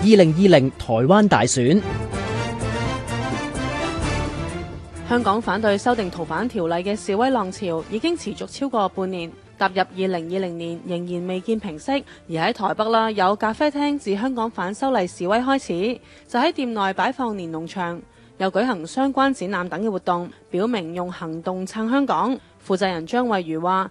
二零二零台灣大選，香港反對修訂逃犯條例嘅示威浪潮已經持續超過半年，踏入二零二零年仍然未見平息。而喺台北啦，有咖啡廳自香港反修例示威開始，就喺店內擺放連儂牆，又舉行相關展覽等嘅活動，表明用行動撐香港。負責人張慧如話。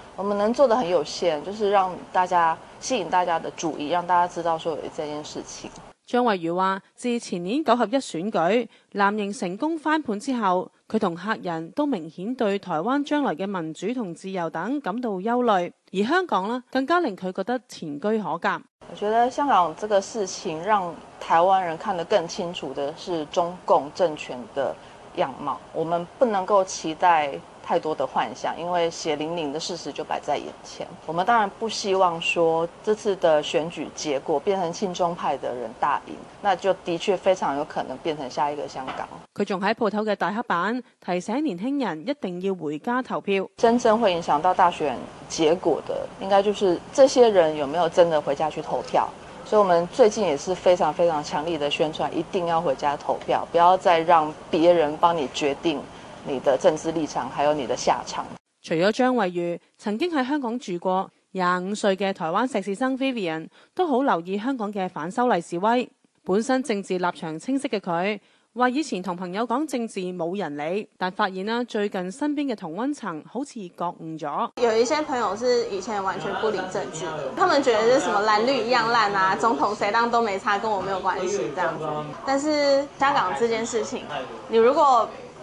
我們能做的很有限，就是讓大家吸引大家的注意，讓大家知道說有這件事情。張惠如話，自前年九合一選舉，藍營成功翻盤之後，佢同客人都明顯對台灣將來嘅民主同自由等感到憂慮，而香港呢，更加令佢覺得前居可鑑。我覺得香港這個事情，讓台灣人看得更清楚的是中共政權的樣貌。我們不能夠期待。太多的幻想，因為血淋淋的事實就擺在眼前。我們當然不希望說這次的選舉結果變成親中派的人大贏，那就的確非常有可能變成下一個香港。佢仲喺鋪頭嘅大黑板提醒年輕人一定要回家投票。真正會影響到大選結果的，應該就是這些人有沒有真的回家去投票。所以，我們最近也是非常非常強力的宣傳，一定要回家投票，不要再讓別人幫你決定。你的政治立場，還有你的下場。除咗張惠茹曾經喺香港住過，廿五歲嘅台灣碩士生 Vivian 都好留意香港嘅反修例示威。本身政治立場清晰嘅佢話：以前同朋友講政治冇人理，但發現呢最近身邊嘅同溫層好似覺悟咗。有一些朋友是以前完全不理政治，他們覺得是什麼藍綠一樣爛啊，總統誰當都沒差，跟我沒有關係，這樣子。但是香港這件事情，你如果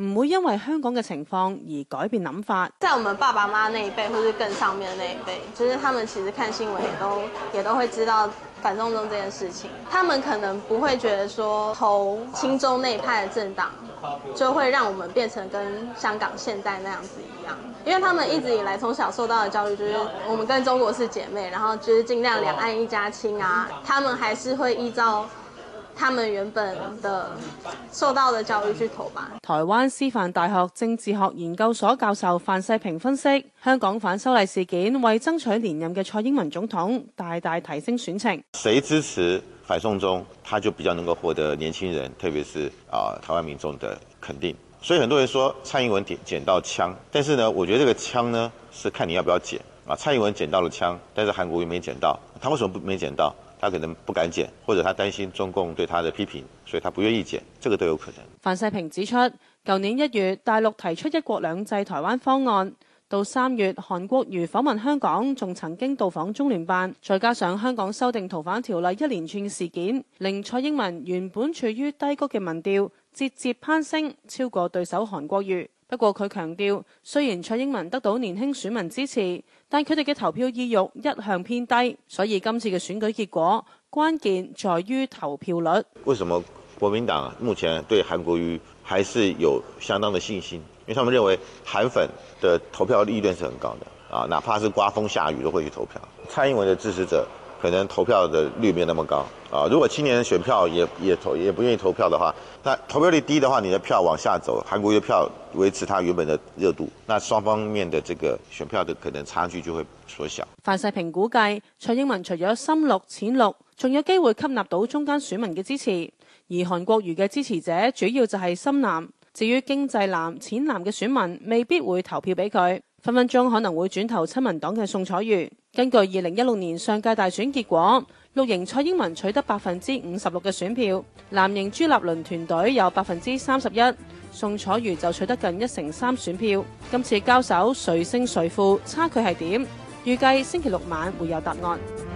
唔會因為香港嘅情況而改變諗法。在我們爸爸媽那一輩，或是更上面嘅那一輩，其、就是他們其實看新聞也都也都會知道反送中這件事情。他們可能不會覺得說投親中那一派嘅政黨，就會讓我們變成跟香港現在那樣子一樣。因為他們一直以來從小受到嘅教育，就是我們跟中國是姐妹，然後就是盡量兩岸一家親啊。他們還是會依照。他們原本的受到的教育去投吧。台灣師範大學政治學研究所教授范世平分析，香港反修例事件為爭取連任嘅蔡英文總統大大提升選情。誰支持反送中？他就比較能夠獲得年輕人，特別是啊台灣民眾的肯定。所以很多人說蔡英文撿撿到槍，但是呢，我覺得這個槍呢是看你要不要撿。啊。蔡英文撿到了槍，但是韓國瑜沒撿到，他為什麼不沒撿到？他可能不敢剪，或者他擔心中共對他的批評，所以他不願意剪，這個都有可能。范世平指出，舊年一月，大陸提出一國兩制台灣方案，到三月，韓國瑜訪問香港，仲曾經到訪中聯辦，再加上香港修訂逃犯條例一連串事件，令蔡英文原本處於低谷嘅民調節節攀升，超過對手韓國瑜。不過佢強調，雖然蔡英文得到年輕選民支持，但佢哋嘅投票意欲一向偏低，所以今次嘅選舉結果關鍵在於投票率。為什麼國民黨目前對韓國瑜還是有相當的信心？因為他們認為韓粉的投票意願是很高的，啊，哪怕是刮風下雨都會去投票。蔡英文的支持者。可能投票的率沒有那麼高啊。如果青年選票也也投也不願意投票的話，那投票率低的話，你的票往下走，韓國瑜票維持它原本的熱度，那雙方面的這個選票的可能差距就會縮小。范世平估計，蔡英文除咗深綠、淺綠，仲有機會吸納到中間選民嘅支持，而韓國瑜嘅支持者主要就係深藍。至於經濟藍、淺藍嘅選民未必會投票俾佢，分分鐘可能會轉投親民黨嘅宋楚瑜。根據二零一六年上屆大選結果，綠營蔡英文取得百分之五十六嘅選票，藍營朱立倫團隊有百分之三十一，宋楚瑜就取得近一成三選票。今次交手誰勝誰負，差距係點？預計星期六晚會有答案。